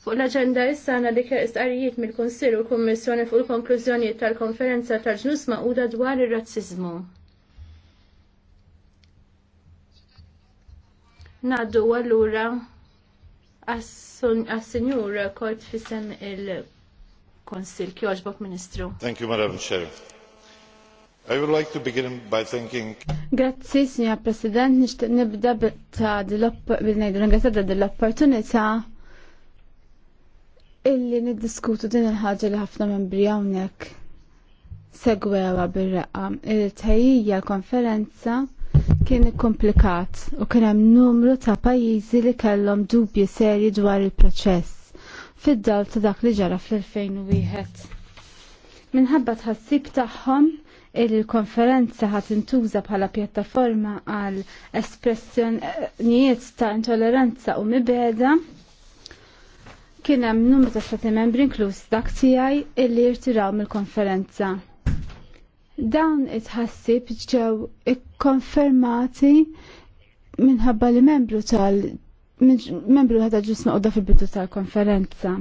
Fuq l aġenda issa għandna dik istqarrijiet mill konsil u Kommissjoni fuq il-konklużjonijiet tal-konferenza tal-ġnus maquda dwar ir razzizmu Naddu għallura għas-Sinjur Kort fissem il-Konsil Kjoġbok Ministru. Thank you, Madam Chair. I would like to begin by thanking Grazzi, Signor President, nishtiq nibda bil-ngħidu ringrazzjata opportunità illi niddiskutu din il-ħaġa li ħafna membri hawnhekk segwewa bir-raqqa. Il-tħejjija konferenza kien komplikat u kien hemm numru ta' pajjiżi li kellhom dubji serji dwar il-proċess fid-dawl ta' dak li ġara fl-2001. Minħabba tħassib tagħhom il l-konferenza ħat intuża bħala pjattaforma għal espressjonijiet ta' intolleranza u mibeda kien hemm numru ta' stati membri inkluż dak tiegħi illi jirtiraw mill-konferenza. Dawn it-ħassib ġew ikkonfermati minħabba li membru tal membru ħadha ġus maqda fil-bidu tal-konferenza.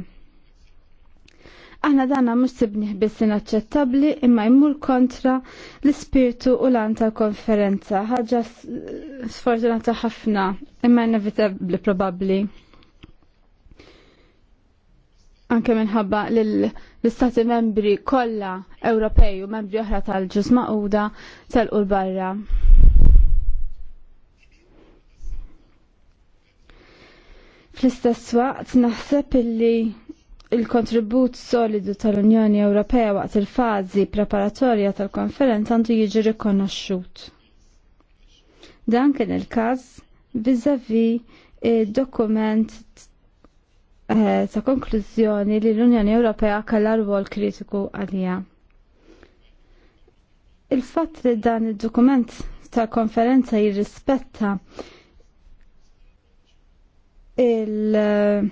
Aħna dana mhux sibniħ biss inaċċettabbli imma jmur kontra l-ispirtu u lan tal-konferenza. Ħaġa sfortunata ħafna imma inevitabbli probabbli anke minħabba l-istati membri kollha Ewropej u membri oħra tal-ġus maquda tal-qul barra. Fl-istess waqt naħseb illi il-kontribut solidu tal-Unjoni Ewropea waqt il-fazi preparatorja tal-konferenza għandu jiġi rikonoxxut. Dan kien il-każ viżavi dokument Eh, ta' konklużjoni li l-Unjoni Ewropea kellha rwol kritiku għalija. Il-fatt li dan id-dokument tal-konferenza jirrispetta il-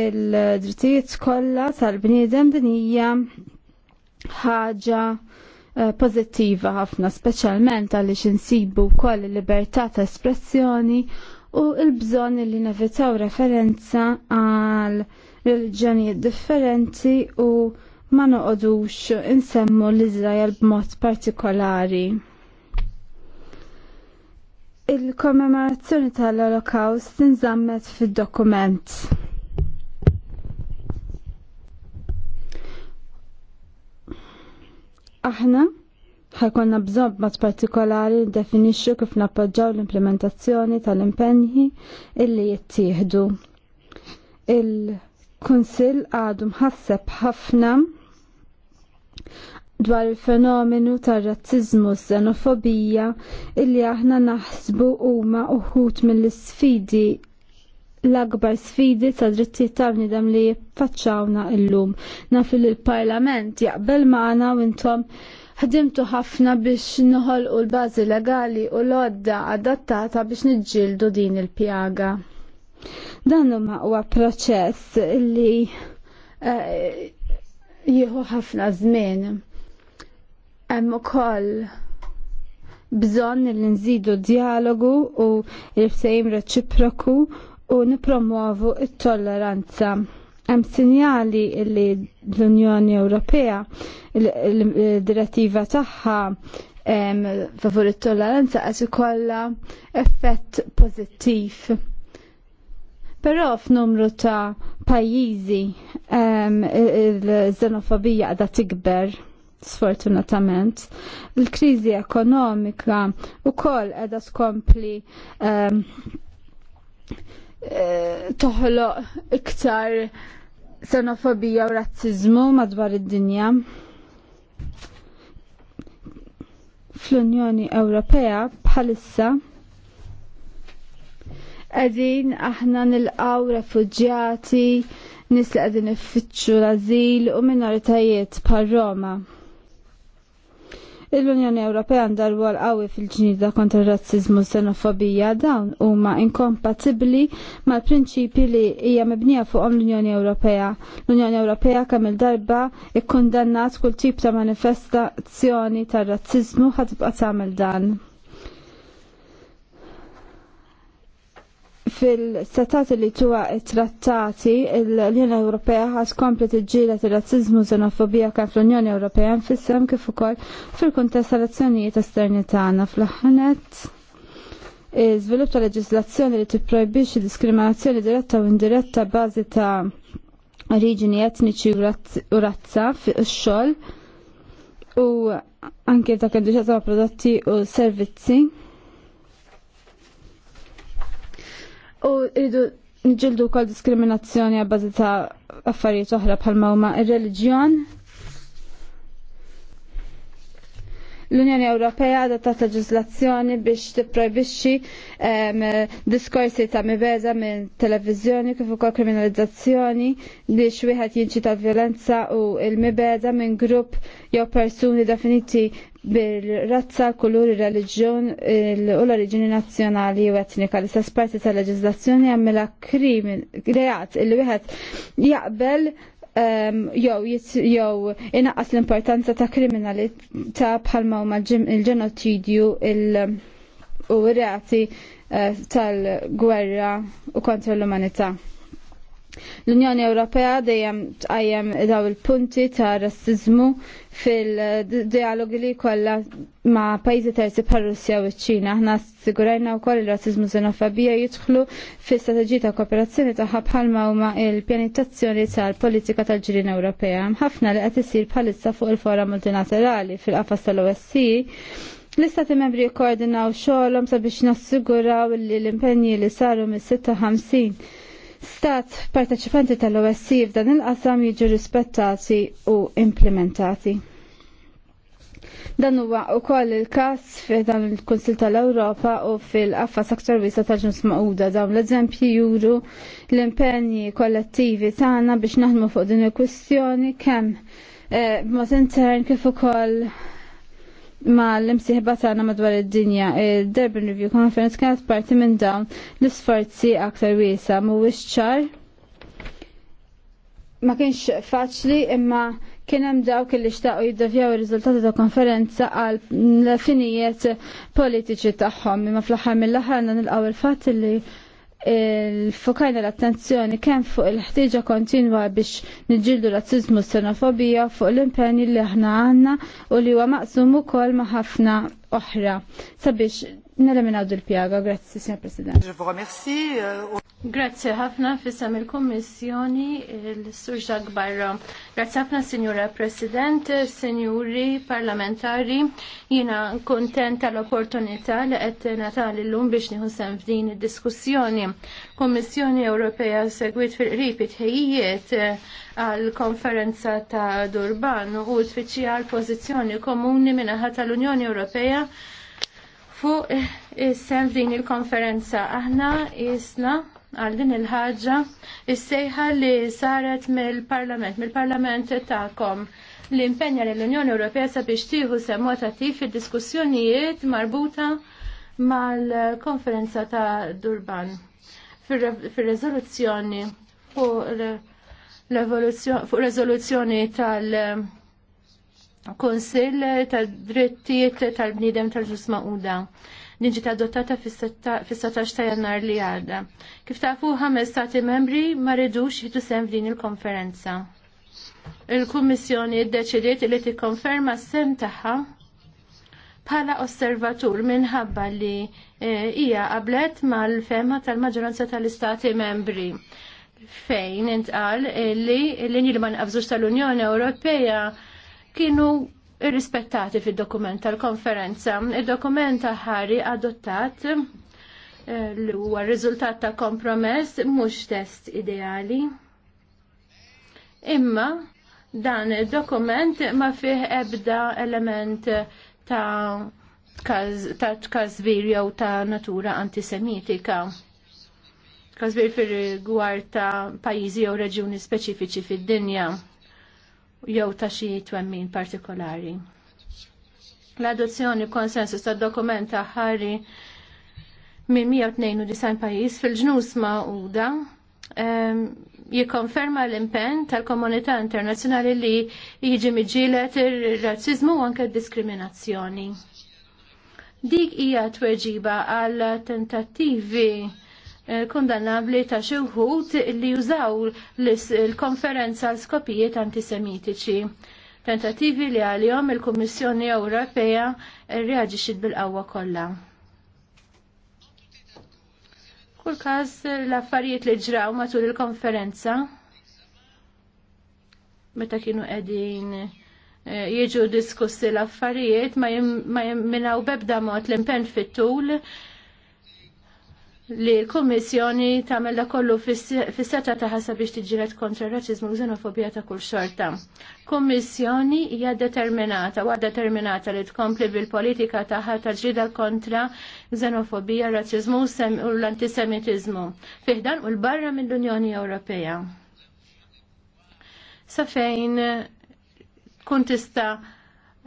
il-drittijiet kollha tal-bniedem din hija ħaġa eh, pożittiva ħafna, speċjalment għaliex insibu wkoll il-libertà ta' espressjoni u l bżon li nevitaw referenza għal reliġjonijiet differenti u ma noqodux insemmu l-Izrael b'mod partikolari. Il-kommemorazzjoni tal-Olokawst tinżammet fid-dokument. Aħna ħakonna bżonn mat partikolari definixxu kif nappoġġaw l-implementazzjoni tal-impenji illi jittieħdu. Il-Kunsill għadu mħasseb ħafna dwar il-fenomenu tar razzizmu xenofobija illi aħna naħsbu huma uħut mill-sfidi l-akbar sfidi ta' drittijiet tal bnidem li jiffaċċawna illum. Naf li l-Parlament jaqbel magħna u intom ħdimtu ħafna biex u l-bażi legali u l-odda adattata biex niġġieldu din il-pjaga. Dan huma huwa proċess li eh, jieħu ħafna żmien. Hemm ukoll bżonn li nżidu dialogu u l reċiproku u nipromuovu it-tolleranza. Hemm sinjali li l-Unjoni Ewropea l-direttiva tagħha favur it tolleranza qed ikollha effett pożittiv. Però f'numru ta' pajjiżi l xenofobija qiegħda tikber sfortunatament. Il-kriżi ekonomika wkoll qiegħda tkompli eh, toħloq iktar xenofobija u razzizmu madwar id-dinja. Fl-Unjoni Ewropea bħalissa għedin aħna nilqaw refugjati, nis li għedin iffittxu l-azil u minoritajiet par Roma l-Unjoni Ewropea għandha qawwi fil-ġnida kontra r-razzizmu u xenofobija dawn huma inkompatibbli mal-prinċipji li hija mibnija fuqhom l-Unjoni Ewropea. L-Unjoni Ewropea kemm il-darba ikkundannat kull tip ta' manifestazzjoni tar-razzizmu ħatibqa' tagħmel dan. Fil-setat li tuwa trattati, l-Unjoni Ewropea ħas kompli t-ġila t-razzizmu xenofobija kif fl-Unjoni Ewropea nfissem kif ukoll fil-kuntest tal-azzjonijiet esterni tagħna fl-ħanet. Iżvilupp leġislazzjoni li tipprojbixxi diskriminazzjoni diretta u indiretta bażi ta' oriġini etniċi u razza fi x xogħol u anke ta' kandiċata prodotti u servizzi U rridu nġildu kol diskriminazzjoni għabbażi ta' affarijiet oħra bħalma huma ir-reliġjon. L-Unjoni Ewropea għadha ta' leġislazzjoni biex tipprojbixxi diskorsi ta' mibeza minn televiżjoni kif ukoll kriminalizzazzjoni biex wieħed jinċita violenza u l-mibeza minn grupp jew persuni definiti bil-razza, kulur, il-reġjon u l origini nazjonali u etnika li s-sparti tal-leġizlazzjoni għamela krimin, reat, il wieħed jaqbel jew jow inaqqas l-importanza ta' kriminalità bħalma u il-ġenotidju u reati eh, tal-gwerra u kontra l-umanità. L-Unjoni Ewropea dejjem tqajjem daw il-punti ta' rassizmu fil-dialogi li kollha ma' pajjiżi terzi bħal Russja u ċ-Ċina. Aħna sigurajna wkoll ir-rassiżmu xenofobija jidħlu fis-strateġija ta' kooperazzjoni tagħha bħalma huma l-pjanitazzjoni tal-politika tal-ġirien Ewropea. Ħafna li qed isir bħalissa fuq il-fora multilaterali fil-qafas tal-OSCE L-istati membri koordinaw xogħolhom sabiex nassiguraw li l-impenji li saru mis-56 stat parteċipanti tal-OSC f'dan il-qasam jiġu rispettati u implementati. Dan huwa wkoll il-każ f'dan il-Kunsil tal-Ewropa u fil-qaffa aktar wiesa tal ġuns maquda dawn l-eżempji juru l-impenji kollettivi tagħna biex naħdmu fuq din il-kwistjoni kemm eh, b'mod intern kif ukoll ma l-imsiħba tagħna madwar id-dinja. Il-Durban Review Conference kienet parti minn dawn l-isforzi aktar wiesa mhuwiex ċar. Ma kienx faċli imma kien hemm dawk li xtaqgħu jiddavjaw ir-riżultati ta' konferenza għal finijiet politiċi tagħhom imma fl-aħħar mill-aħħar nilqgħu il-fatt li il-fokajna l-attenzjoni kemm fuq il-ħtieġa kontinwa biex niġġieldu razzizmu s-xenofobija fuq l-impenni li aħna għandna u li huwa maqsum ukoll ma' ħafna oħra sabiex neleminaw dil-pjaga. Grazzi, Signor President. Euh, Grazzi ħafna fissam il-Kommissjoni l-Sur gbarra Barra. Grazzi ħafna, Signora President, Signori Parlamentari. Jina kontent tal-opportunità li qed natali l-lum biex nieħu sem f'din id-diskussjoni. Kommissjoni Ewropea segwit fil-qrib it għal konferenza ta' Durban u tfittxija għal pożizzjoni komuni minnaħa tal-Unjoni Ewropea fuq is-sem din il-konferenza. Aħna isna għal din il-ħaġa is-sejħa li saret mill-Parlament, mill-Parlament ta'kom li impenja l-Unjoni Ewropea sabiex tieħu semmot attiv fid-diskussjonijiet marbuta mal-konferenza ta' Durban fir l fuq fuq rezoluzzjoni tal- Konsil tal-drittijiet tal-bnidem tal-ġus ma'uda li ġiet adottata fis-16 ta' jannar li għadda. Kif tafu ħames stati membri ma rridux jitu sem din il-konferenza. Il-Kummissjoni ddeċidiet li tikkonferma s-sem tagħha bħala osservatur minħabba li eh, hija qablet mal-fema tal-maġġoranza tal-istati membri fejn intqal li l-linji li ma tal-Unjoni Ewropea kienu irrispettati fil-dokument tal-konferenza. Il-dokument ħari adottat eh, li huwa r-riżultat ta' kompromess mhux test ideali. Imma dan il-dokument ma fih ebda element ta' ta' tkazbir jew ta' natura antisemitika kazbir fil-gwar ta' pajizi jew reġjuni speċifiċi fid-dinja jew ta' xi twemmin partikolari. L-adozzjoni konsensus ta' dokument ta' ħari minn 192 pajjiż fil-ġnus ma'uda jikkonferma l-impenn tal-komunità internazzjonali li jiġi miġilet ir-razzizmu u anke diskriminazzjoni. Dik hija tweġiba għal tentattivi Eh, kondannabli ta' xi wħud li jużaw l-konferenza l skopijiet antisemitiċi. Tentativi li għal-jom il-Kummissjoni Ewropea eh, reaġixxiet bil-qawwa kollha. Kull każ l-affarijiet li ġraw matul il-konferenza meta kienu qegħdin eh, jiġu diskussi l-affarijiet ma jimminaw bebda mod l-impenn fit-tul li l-Kommissjoni tagħmel da kollu fis-seta taħa biex tiġiret kontra r u xenofobija ta' kull xorta. Kommissjoni hija determinata, wa determinata li tkompli bil-politika tagħha ta' ġida kontra xenofobija, r-raċizmu u l-antisemitiżmu fiħdan u l-barra mill-Unjoni Ewropea. Sa fejn eh, tista'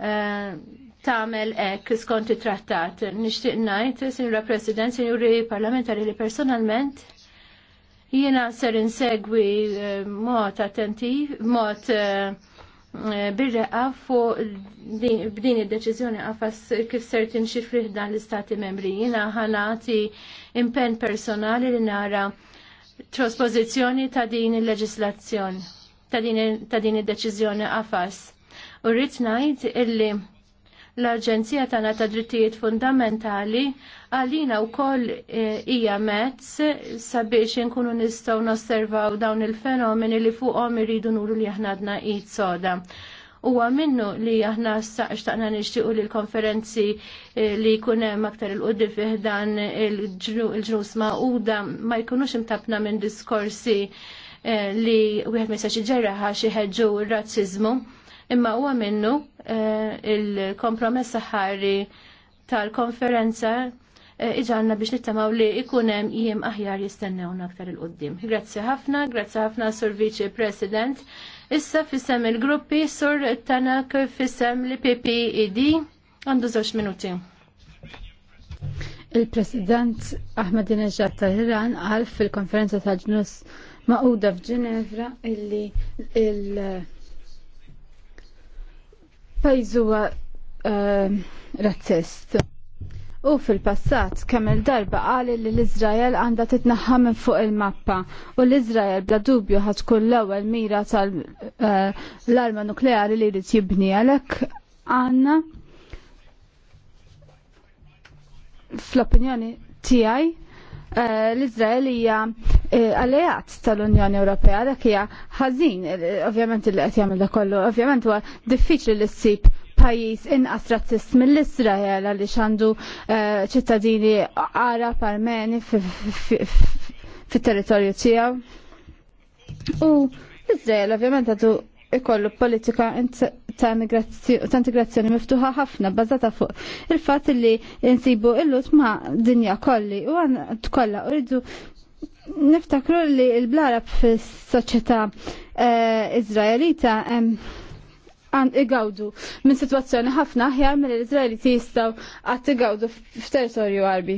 eh, tamel hekk skont it-trattat. Nixtieq ngħid, Sinjura President, Sinjuri Parlamentari li personalment jiena ser insegwi eh, mod attentiv, mod eh, eh, birreqa fuq b'din id-deċiżjoni għafas kif ser timxi dan l-istati membri. Jiena ħanati impenn personali li nara trospożizzjoni ta' din il-leġislazzjoni, ta' din id-deċiżjoni għafas. U rrit ngħid illi l-Aġenzija tagħna ta' Drittijiet Fundamentali għalina wkoll eh, hija mezz sabiex inkunu nistgħu nosservaw dawn il-fenomeni li fuqhom iridu nuru li aħna għadna id soda. Huwa minnu li aħna xtaqna nixtiequ li l-konferenzi eh, li jkun hemm aktar il qoddi fih dan il-ġnus ma' ma jkunux imtabna minn diskorsi eh, li wieħed ma jistax iġerraħa xi ħeġġu r-razziżmu Imma huwa minnu eh, il-kompromess saħħari tal-konferenza eh, iġanna biex nittamaw li ikunem jiem aħjar jistennewna aktar il-qoddim. Grazzi ħafna, grazzi ħafna sur Vice President. Issa fissem il-gruppi sur Tanak fissem li PPED għandu zoċ minuti. Il-President Ahmadinejad tal-Iran għal fil-konferenza tal-ġnus maquda f'Ġenevra illi il- pajjiż ehm, razzist. U fil-passat kemm il-darba qal li l-Iżrael għandha titnaħħa minn fuq il-mappa u l izrael bla dubju ħad kull l-ewwel mira tal-arma eh, nukleari li jrid jibni għalhekk għandna fl-opinjoni tiegħi eh, l-Iżrael hija Eh, alleat tal-Unjoni Ewropea dak hija ħażin, eh, ovvjament li qed jagħmel kollu, ovvjament huwa diffiċli li ssib pajjiż inqas razzist mill-Israel għaliex għandu eh, ċittadini Arab Armeni fit-territorju tiegħu. U Israel ovvjament għadu ikollu politika ta' integrazzjoni miftuħa ħafna bazzata fuq il-fat li insibu illut ma' dinja kolli u għan tkolla uridu niftakru li l-blarab fis-soċjetà eh, Izraelita għand igawdu minn situazzjoni ħafna aħjar mill l-Izraeliti jistaw għat igawdu f'territorju Arbi.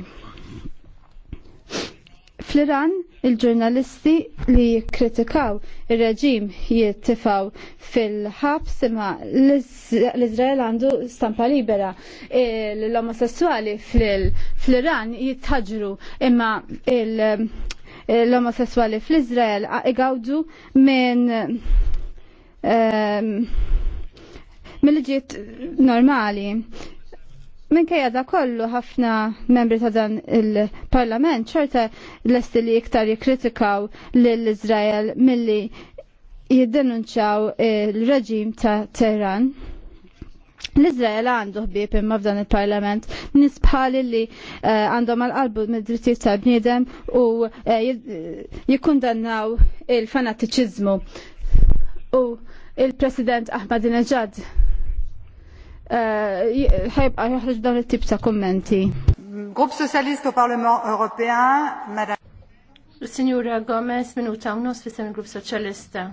Fl-Iran, il-ġurnalisti li jikkritikaw il-reġim jittifaw fil-ħabs imma l-Izrael għandu stampa libera. Eh, l-omosessuali fl-Iran jitħagġru imma il- l-omosessuali fl-Izrael igawdu minn ehm, mill-ġiet normali. kajja da kollu ħafna membri ta' dan il-parlament ċerta l-esti li iktar jikritikaw l-Izrael milli jiddenunċaw il-reġim ta' Teheran. L-Izrael għandu ħbib imma f'dan il-parlament nisbħal li eh, għandhom għal-qalbu mid-drittijiet ta' bniedem u eh, jikkundannaw il-fanatiċizmu. U il-President Ahmadinejad eh, ħajbqa joħroġ dawn it-tip ta' kummenti. Grupp Socialist u Parlament Europea, Madam. Signora Gomez, minuta unos fissem il-Grupp Socialista.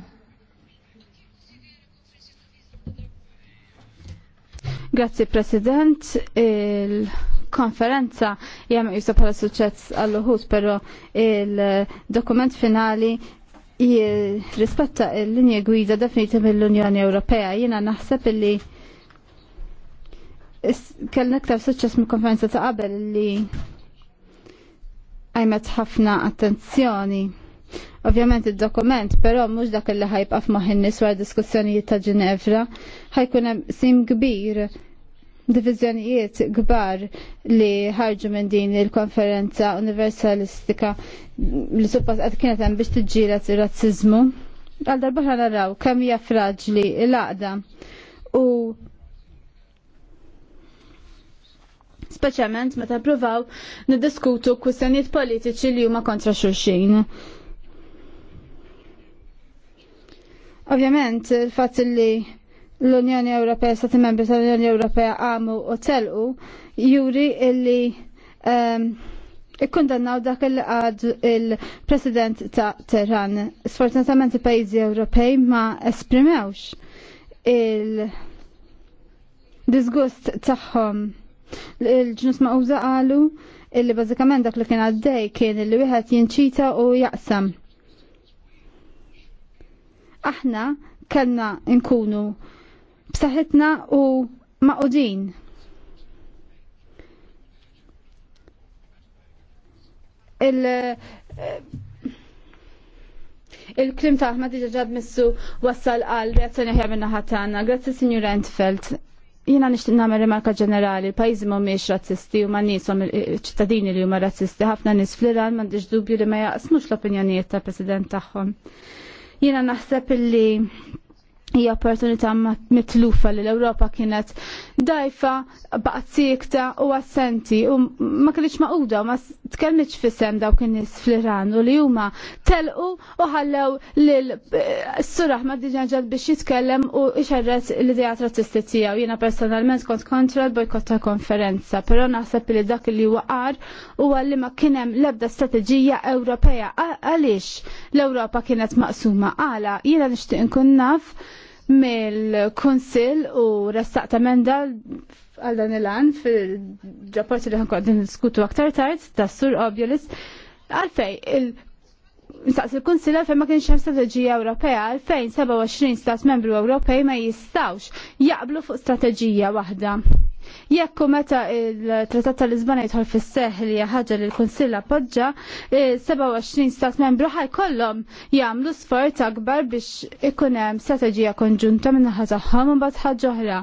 Grazzi President, il-konferenza jgħam jisa bħala suċċess għall-uħus, pero il-dokument finali jirrispetta il-linja gwida definita mill-Unjoni Ewropea. Jena naħseb li kellna aktar suċċess mill konferenza ta' qabel li għajmet ħafna attenzjoni. Ovvjament id-dokument, però mhux dak li ħajbqa' f'maħinnis wara diskussjonijiet ta' Ġinevra, ħajkun hemm sim kbir diviżjonijiet kbar li ħarġu minn din il-konferenza universalistika li suppost qed kienet hemm biex tiġġieled ir-razziżmu. Għal darba naraw kemm hija fraġli l-għaqda u speċjalment meta pprovaw niddiskutu kwistjonijiet politiċi li huma kontra xulxin. Ovvjament, il-fatt li l-Unjoni Ewropea, stati membri tal-Unjoni Ewropea għamu u telqu, juri illi um, ikkundannaw dak il għad il-President ta' Teheran. Sfortunatament il-pajjiżi Ewropej ma esprimewx il-disgust tagħhom. Il-ġnus ma' uża qalu illi bażikament dak li kien għaddej kien illi wieħed jinċita u jaqsam aħna kellna nkunu b'saħħitna u maqudin. Il- eh, Il-klim ta' Ahmad ġad missu wassal għal reazzjoni ħja minna ħatana. Grazzi, Signor Entfeld. Jina nishtin namer rimarka ġenerali, pajzi ma miex razzisti u ma nisom ċittadini li huma razzisti, ħafna nis fl-Iran mandiġ dubju li ma jaqsmux l-opinjonijiet ta' president tagħhom jina naħseb illi hija opportunità mitlufa li l-Ewropa kienet dajfa, baqgħet sikta u assenti u ma kienx maquda ma tkellmitx fisem dawk in-nies fl-Iran u li huma telqu u ħallew lil s-suraħ eh, ma diġanġal biex jitkellem u xerret l-idea trattisti tiegħu. Jiena personalment kont kontra l-bojkott konferenza, però naħseb li dak li waqar huwa li ma kien hemm l-ebda strateġija Ewropea għaliex l-Ewropa kienet maqsuma għala jiena nixtieq inkun naf mill-Kunsill u restaqt emenda għal dan il-għan fil-rapporti li din diskutu aktar tard ta' sur obvious għalfej il- Nistaqs il-Kunsil għalfejn ma kienx hemm strateġija Ewropea għalfejn 27 stat membru Ewropej ma jistawx jaqblu fuq strateġija waħda Jekk u meta il-Trattat tal-Lisbona jitħol fis-seħ li ħaġa li l kunsilla appoġġa, 27 e, stat membru ħajkollhom jagħmlu sforz akbar biex ikun hemm strateġija konġunta minn naħa tagħhom u mbagħad ħaġa oħra.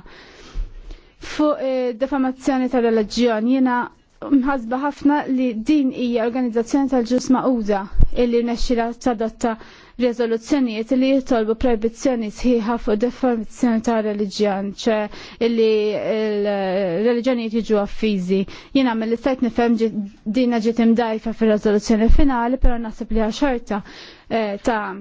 Fuq e, defamazzjoni tal-reliġjon jiena mħasba ħafna li din hija organizzazzjoni tal-ġus maquda illi nexxila tadotta rezoluzzjonijiet li jitolbu proibizzjoni sħiħa fuq deformizzjoni ta' religjon, ċe illi il-reliġjonijiet jiġu affizi. Jina mill-istajt nifhem dina ġiet imdajfa fir-rezoluzzjoni finali, però naħseb li xorta eh, ta'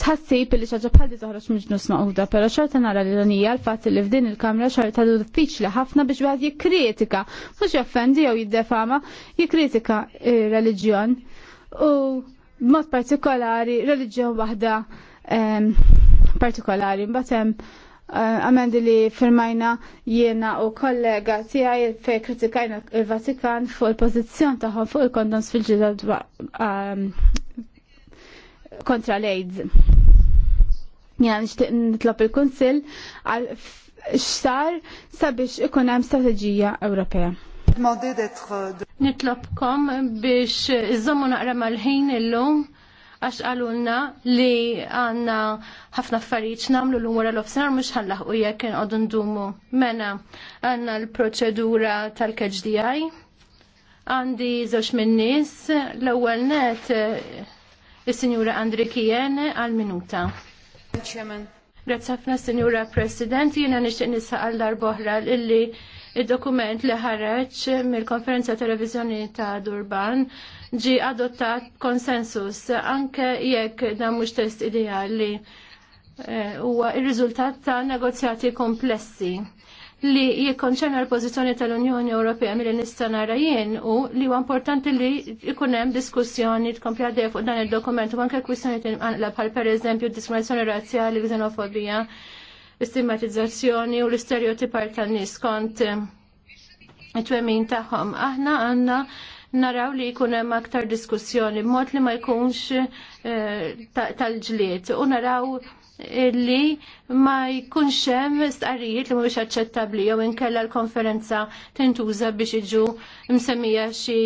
tħassib li xaġa bħaldi toħroġ miġnus maħuda, pero xorta nara l-ironija l-fat li f'din il-kamra xorta diffiċli ħafna biex bħad jikritika, mux jaffendi jew jiddefama, jikritika il-reġjon. U mod partikolari reliġjon waħda partikolari. Mbagħad hemm eh, amendi li firmajna jiena u kollega tijaj fej kritikajna il-Vatikan fuq il-pozizjon taħħom fuq il-kondoms fil-ġilda kontra l-AIDS. Jena nishtiq nitlop il-Kunsil għal xsar sabiex ikun hemm strateġija Ewropea. Euh, Nitlobkom biex iżommu naqra mal-ħin illum għax għalulna li għanna ħafna affarijiet namlu l-lum wara l-ofsenar mux u jekk nqogħdu ndumu. Mena għanna l-proċedura tal kdi Għandi żewġ min-nies, l-ewwel net eh, is-Sinjura Andri Kien għal-minuta. Grazzi ħafna, Sinjura President, jiena nixtieq nisaqal darbohra illi Il-dokument li ħareġ mill-konferenza televizjoni ta' Durban ġi adottat konsensus anke jekk dan mhux test ideali eh, huwa e, ir-riżultat ta' negozjati komplessi li jikkonċerna l-pożizzjoni tal-Unjoni Ewropea mill nista' nara jien u li huwa importanti li jkun hemm diskussjoni tkompli għaddej fuq dan id-dokument u anke kwistjoni tinqanqla bħal pereżempju diskriminazzjoni razzjali, xenofobija, l-istigmatizzazzjoni u l-istereotipar tan-nies kont it-twemmin tagħhom. Aħna għandna naraw li jkun hemm aktar diskussjoni b'mod li ma jkunx eh, tal-ġlied u naraw li ma jkunx hemm stqarrijiet li mhumiex aċċettabbli jew inkella l-konferenza tintuża biex iġu msemmija xi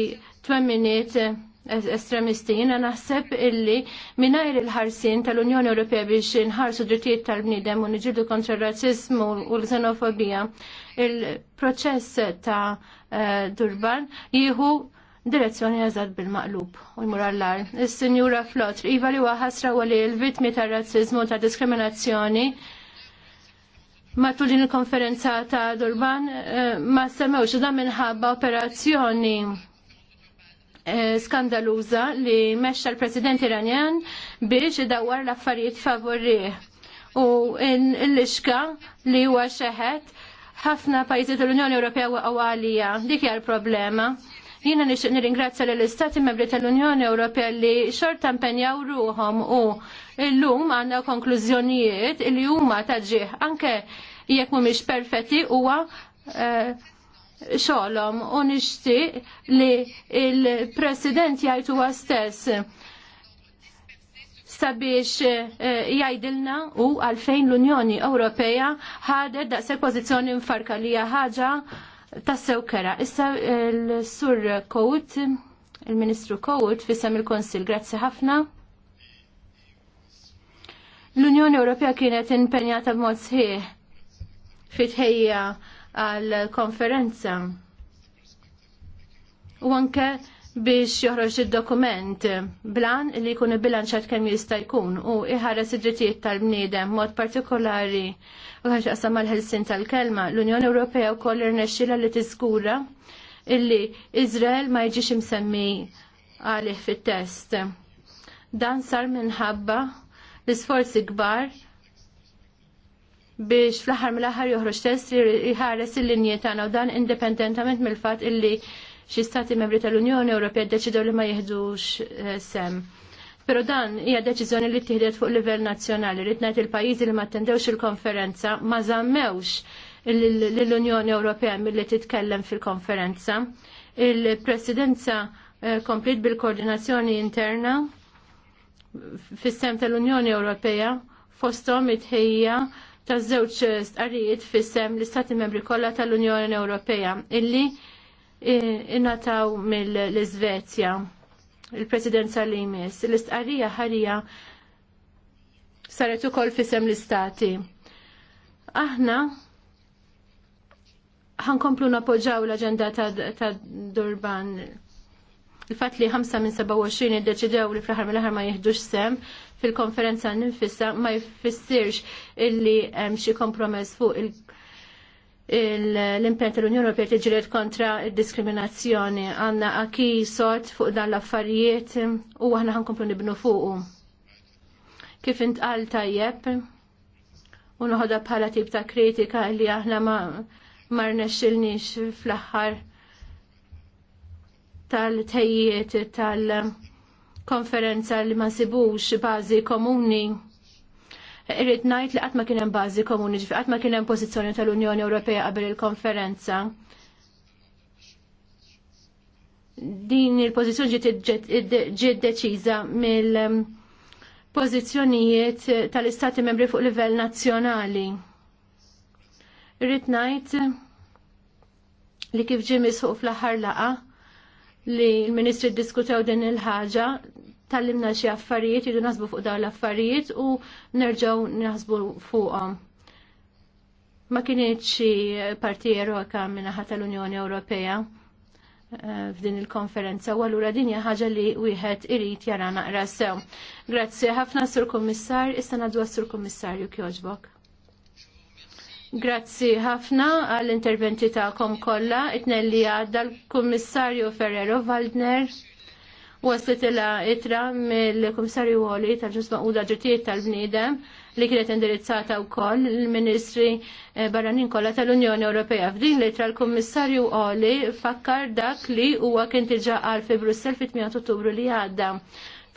twemminiet eh, estremisti jina naħseb illi minajr il-ħarsin tal-Unjoni Ewropea biex nħarsu drittijiet tal-bnidem u nġidu kontra r-razzismu u l-xenofobija il-proċess ta' eh, Durban jieħu direzzjoni għazad bil-maqlub u jmur għallar. Il-Sinjura Flotr, iva li għahasra għalli il-vitmi ta' razzizmu ta' diskriminazzjoni matul din il-konferenza ta' Durban eh, ma' semmewx dan minħabba operazzjoni Eh, skandaluża li mexxa l-President Iranjan biex idawwar l-affarijiet favorih. U l-ixka li huwa xeħet ħafna pajjiżi tal-Unjoni Ewropea waqgħu għalija. Dik hija l-problema jina nixtieq nirringrazzja l istati membri tal-Unjoni Ewropea li xorta impenjaw ruhom u llum għandna konklużjonijiet li huma ta' ġieħ anke jekk mhumiex perfetti huwa eh, xolom u nixtieq li il-president jajtu għastess stess sabiex eh, jgħidilna u għalfejn l-Unjoni Ewropea ħadet se pożizzjoni mfarka li hija ħaġa tassew kera. Issa eh, l-sur Kowt, il-Ministru Kowt, fissam il-Konsil, grazzi ħafna. L-Unjoni Ewropeja kienet impenjata b'mod sħiħ fit-ħejja għal-konferenza. U anke biex joħroġ id-dokument blan li jkun il-bilanċat kemm jista' jkun u iħares id-drittijiet tal-bniedem mod partikolari u ħaxaqsam mal-ħelsin tal-kelma. L-Unjoni Ewropea wkoll irnexxila li tiżgura illi Iżrael ma jiġix imsemmi għalih fit-test. Dan sar minħabba l-isforzi kbar biex fl-aħħar mill-aħħar joħroġ test li jħares il-linji tagħna u dan indipendentament mill-fatt illi xi stati membri tal-Unjoni Ewropea ddeċidew li ma jieħdux eh, sem. Però dan hija deċiżjoni li ttieħdet fuq livell nazzjonali li tnajt il-pajjiżi li ma attendewx il-konferenza ma żammewx l-Unjoni Ewropea milli titkellem fil-konferenza. Il-Presidenza eh, komplit bil-koordinazzjoni interna fis-sem tal-Unjoni Ewropea fosthom it-ħejja ta' żewġ stqarrijiet fissem l-Istati Membri kollha tal-Unjoni Ewropea illi inataw mill-Iżvezja il-Presidenza li jmiss. L-istqarrija ħarija saret ukoll fissem l-Istati. Aħna ħankomplu napoġġaw l-aġenda ta' Durban il-fat li 5 minn 27 id-deċidew li fl-ħar mill-ħar ma jihdux sem, fil-konferenza ninfissa ma jfissirx illi hemm xi kompromess fuq il- l-imprenta l-Unjoni Ewropea tiġriet kontra diskriminazzjoni għandna aki sort fuq dan l-affarijiet u aħna ħankomplu nibnu fuq. Kif intqal tajjeb u noħodha bħala tip ta' kritika li aħna ma marnexxilniex fl-aħħar tal-tejjiet tal-, -tejjiet, tal tal konferenza li ma sibux bażi komuni irrid ngħid li qatt ma kien hemm bażi komuni, ġifi qatt ma kien hemm pożizzjoni tal-Unjoni Ewropea qabel il-konferenza. Din il-pożizzjoni ġiet deċiża mill um, pożizzjonijiet tal-Istati membri fuq livell nazzjonali. Irrid ngħid li kif ġie fuq fl-aħħar laqa li l-Ministri diskutaw din il-ħaġa tallimna xi affarijiet, jidu nasbu fuq dawn l-affarijiet u nerġgħu naħsbu fuqhom. Ma kienieċ xi parti eroka ħata tal-Unjoni Ewropea eh, f'din il-konferenza u għallura din ħaġa li wieħed irid jara naqra sew. Grazzi ħafna Sur Kummissar, issa nadwa Sur Kummissarju Kjoġbok. Grazzi ħafna għall-interventi tagħkom kollha, itnelli għadda l-Kummissarju Ferrero Waldner la itra mill-Komissarju Għoli tal-ġusma u ġitiet tal-bnidem li kienet indirizzata u koll il-Ministri eh, Barranin kolla tal-Unjoni Ewropea. F'din l-itra l-Komissarju Għoli fakkar dak li huwa kien tiġa fi Brussel fit-8 Ottubru li għadda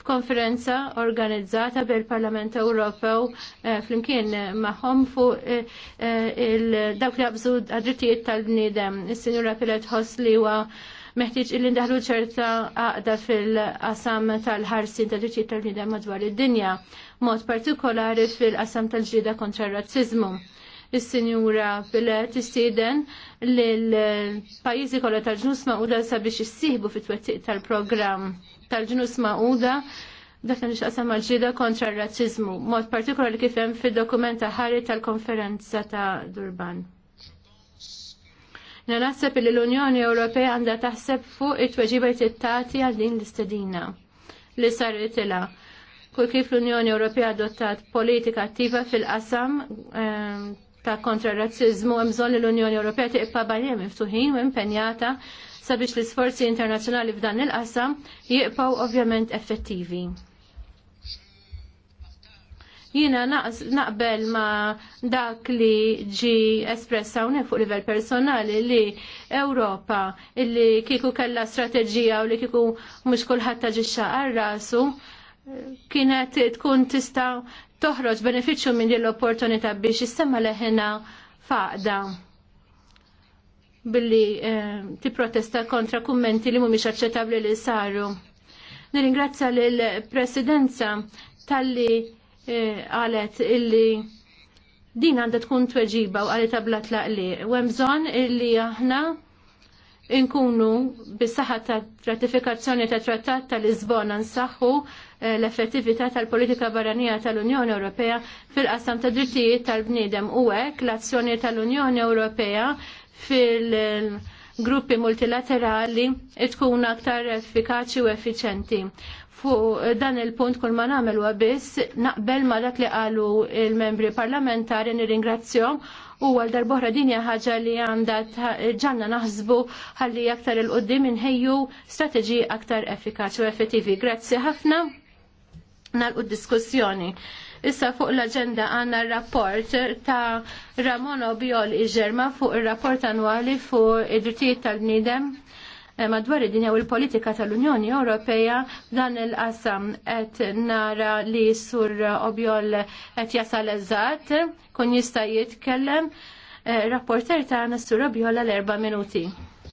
f'konferenza organizzata bil-Parlament Ewropew eh, flimkien magħhom fuq eh, dawk li għabżu għadritijiet tal-bniedem. Is-Sinjura Pilet Hoss li huwa meħtieġ illi ndaħlu ċerta għaqda fil-qasam tal-ħarsin ta' ġiċi tal-bnidem madwar id-dinja, mod partikolari fil-qasam tal ġida kontra r-razzizmu is sinjura Bilet li l-pajizi kollha tal-ġnus ma'uda sabiex issieħbu fit twettiq tal programm tal-ġnus ma'uda dak li nixqasam ġida kontra r-razzizmu, mod partikolari kif hemm fid-dokumenta ħari tal-konferenza ta' Durban. Na naħseb li l-Unjoni Ewropea għandha taħseb fuq it-tweġiba tittati għal din l-istedina li saret ilha. Kull kif l-Unjoni Ewropea adottat politika attiva fil-qasam ehm, ta' kontra razzizmu hemm bżonn li l-Unjoni Ewropea tiqpa' barrier miftuħin u impenjata sabiex l-isforzi internazzjonali f'dan il-qasam jibqgħu ovvjament effettivi. Jiena naqbel ma dak li ġi espressa hawnhekk fuq livell personali li Ewropa li kieku kellha strateġija u li kieku mhux kulħadd taġixxa għarrasu rasu kienet tkun tista toħroġ beneficju minn din l-opportunità biex issemma leħena faqda billi eh, tipprotesta kontra kummenti li mhumiex aċċettabbli li saru. Nirringrazzja lill presidenza talli qalet illi din għandha tkun tweġiba u għalet tabla tlaq u hemm bżonn illi aħna inkunu bis-saħħa ta' ratifikazzjoni ta' trattat tal-Lisbona nsaħħu eh, l-effettività tal-politika barranija tal-Unjoni Ewropea fil-qasam ta' drittijiet tal-bniedem u hekk l-azzjoni tal-Unjoni Ewropea fil- eh, gruppi multilaterali tkun aktar effikaċi u effiċenti fuq dan il-punt kull ma nagħmel huwa biss naqbel ma dak li qalu il-membri parlamentari nirringrazzjahom u għal darbohra dinja hija ħaġa li għandha ġanna naħsbu ħalli aktar il-qoddim inħejju strategi aktar effikaċi u effettivi. Grazzi ħafna nalqu diskussjoni. Issa fuq l-agenda għanna rapport ta' Ramono Biol Iġerma fuq il-rapport annwali fuq id-drittijiet tal-bnidem Eh, madwar id-dinja u l-politika tal-Unjoni Ewropea dan il-qasam qed nara li sur objol qed jasal eżatt kun jista' jitkellem. Eh, rapporter tagħna sur objol għal erba minuti.